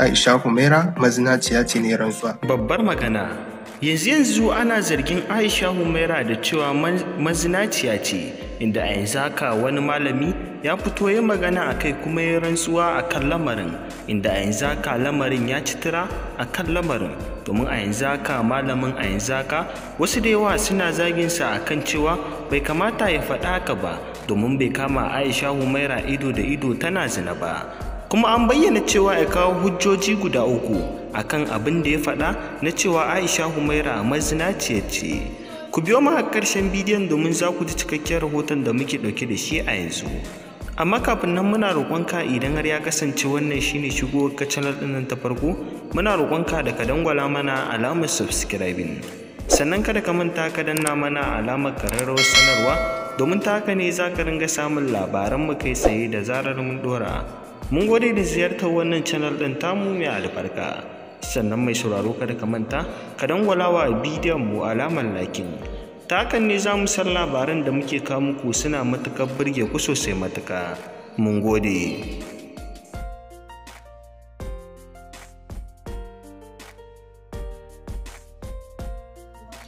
Aisha Humaira mazinaciya ce ne rantsuwa. Babbar magana yanzu yanzu ana zargin Aisha Humaira da cewa mazinaciya ce inda a yanzu haka wani malami ya fito ya magana a kai kuma ya rantsuwa a kan lamarin inda a yanzu haka lamarin ya ci tura a kan lamarin domin a yanzu haka malamin a yanzu haka wasu da yawa suna zaginsa a kan cewa bai kamata ya faɗa ka ba domin bai kama Aisha Humaira ido da ido tana zina ba kuma an bayyana cewa ya kawo hujjoji guda uku a kan abin da ya faɗa na cewa aisha humaira mazinaciyar ce ku biyo mu a ƙarshen bidiyon domin za ku ji cikakken rahoton da muke ɗauke da shi a yanzu amma kafin nan muna roƙonka idan har ya kasance wannan shine shigo ka channel ɗin ta farko muna roƙonka da ka dangwala mana alamar subscribing sannan kada ka manta ka danna mana alamar kararrawar sanarwa domin ta haka ne za ka ringa samun labaran mu kai tsaye da zarar mun dora mun gode da ziyartar wannan channel ɗin tamu mai albarka sannan mai sauraro kada ka manta ka dangwalawa a bidiyon mu alamar lakin ta hakan ne za mu san labaran da muke kawo muku suna matukar burge ku sosai matuka mun gode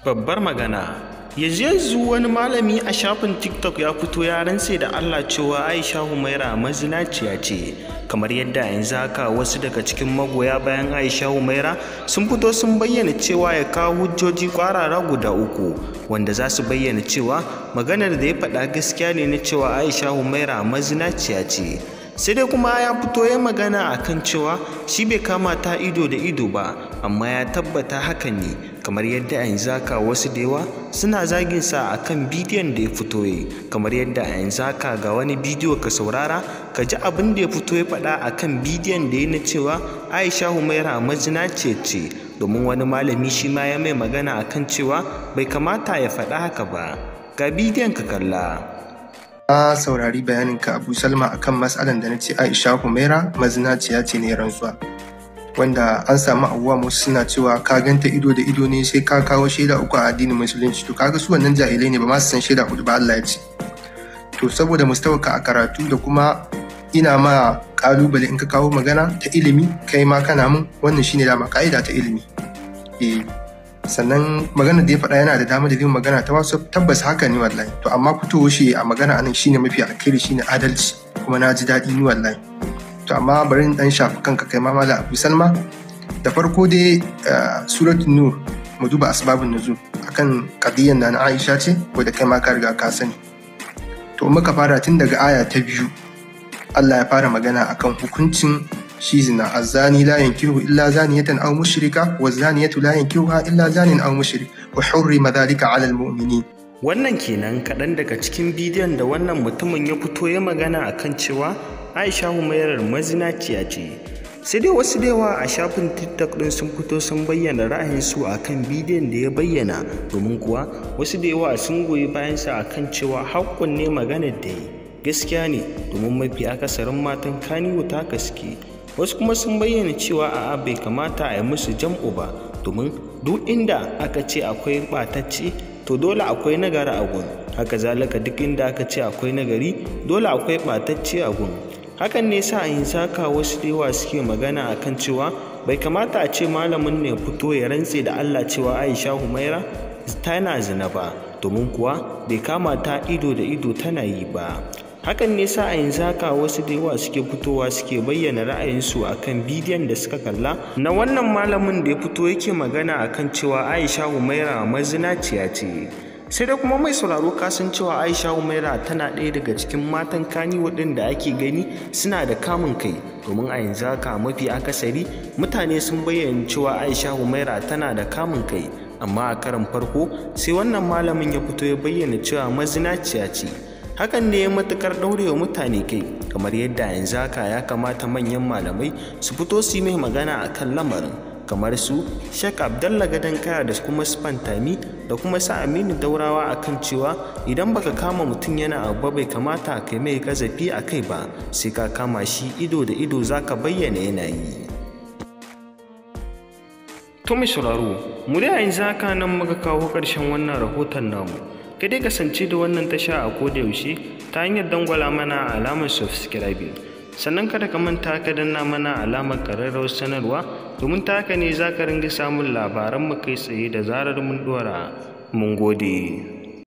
babbar magana yanzu wani malami a shafin tiktok ya fito ya rantse da allah cewa aisha humaira mazinaciya ce kamar yadda yanzu haka wasu daga cikin magoya bayan aisha humaira sun fito sun bayyana cewa ya kawo hujjoji kwarara guda uku wanda za su bayyana cewa maganar da ya faɗa gaskiya ne na cewa aisha humaira mazinaciya ce sai dai kuma ya fito ya magana a kan cewa shi bai kama ta ido da ido ba amma ya tabbata hakan ne kamar yadda a yanzu haka wasu da yawa suna zagin sa a kan bidiyon da ya fito ya kamar yadda a yanzu haka ga wani bidiyo ka saurara ka ji abin da ya fito ya faɗa a kan bidiyon da ya na cewa aisha humaira majina ce ce domin wani malami shi ma ya mai magana a kan cewa bai kamata ya faɗa haka ba ga bidiyon ka kalla Na saurari bayanin ka Abu Salma akan matsalan da na ce Aisha Humaira mazinaciya ce ne rantsuwa. Wanda an samu abubuwa musu suna cewa ka ganta ido da ido ne sai ka kawo shaida uku a addinin musulunci to kaga su wannan jahilai ne ba ma su san shaida hudu ba Allah ya ce. To saboda mustawaka a karatu da kuma ina ma kalubale in ka kawo magana ta ilimi kai ma kana mun wannan shine dama ka'ida ta ilimi. Eh. sannan magana da ya faɗa yana da dama da yin magana ta wasu tabbas haka ne wallahi to amma fitowo shi a magana anan shine mafi alkhairi shine adalci kuma na ji daɗi ni wallahi to amma bari in dan shafi kanka kai ma mala abu salma da farko dai eh, suratul nur mu duba asbabun nuzul akan qadiyyar na Aisha ce ko da kai ma ka riga ka sani to muka fara tun daga aya ta biyu Allah ya fara magana akan hukuncin shi zina azani la yankihu illa zaniyatan aw mushrika wa zaniyatu la yankihuha illa zanin aw mushrik wa hurrima dhalika 'ala al-mu'minin wannan kenan kaɗan daga cikin bidiyon da wannan mutumin ya fito ya magana a kan cewa aisha humairar mazinaciya ce sai dai wasu da yawa a shafin tiktok din sun fito sun bayyana su a kan bidiyon da ya bayyana domin kuwa wasu da yawa sun goyi bayansa a kan cewa hakkun ne maganar da yi gaskiya ne domin mafi akasarin matan wuta ta gaske wasu kuma sun bayyana cewa a'a bai kamata a yi musu jam'u ba domin duk inda aka ce akwai ɓatacce to dole akwai nagari a gun haka zalika duk inda aka ce akwai nagari dole akwai ɓatacce a gun hakan ne sa a saka wasu da suke magana akan cewa bai kamata a ce malamin ne fito ya rantse da allah cewa aisha humaira tana zina ba domin kuwa bai kama ta ido da ido tana yi ba hakan ne sa a yanzu haka wasu da yawa suke fitowa suke bayyana ra'ayinsu kan bidiyon da suka kalla na wannan malamin da ya fito yake magana a kan cewa aisha humaira mazinaciya ce sai da kuma mai sauraro kasan cewa aisha humaira tana ɗaya daga cikin matan kani waɗanda ake gani suna da kamun kai domin a yanzu haka mafi akasari mutane sun bayyana cewa aisha humaira tana da kamun kai amma a karan farko sai wannan malamin ya fito ya bayyana cewa mazinaciya ce hakan ne ya matukar daurewa mutane kai kamar yadda yanzu haka ya kamata manyan malamai su fito su mai magana a kan lamarin kamar su shek Abdallah gadon Kaya da kuma Spantami da kuma sa Aminu Daurawa kan cewa idan baka kama mutum yana abu bai kamata kai mai gazafi a kai ba sai ka kama shi ido da ido za ka bayyana yanayi. To mai sauraro, mu da yanzu haka nan muka kawo ƙarshen wannan rahoton namu. ka dai kasance da wannan tasha a kodayaushe ta hanyar dangwala mana alamar subscribe Sannan kada ka manta ka danna mana alamar ƙararrawar sanarwa domin ta haka ne za ka ringa samun mu kai tsaye da zarar mun dora Mun gode.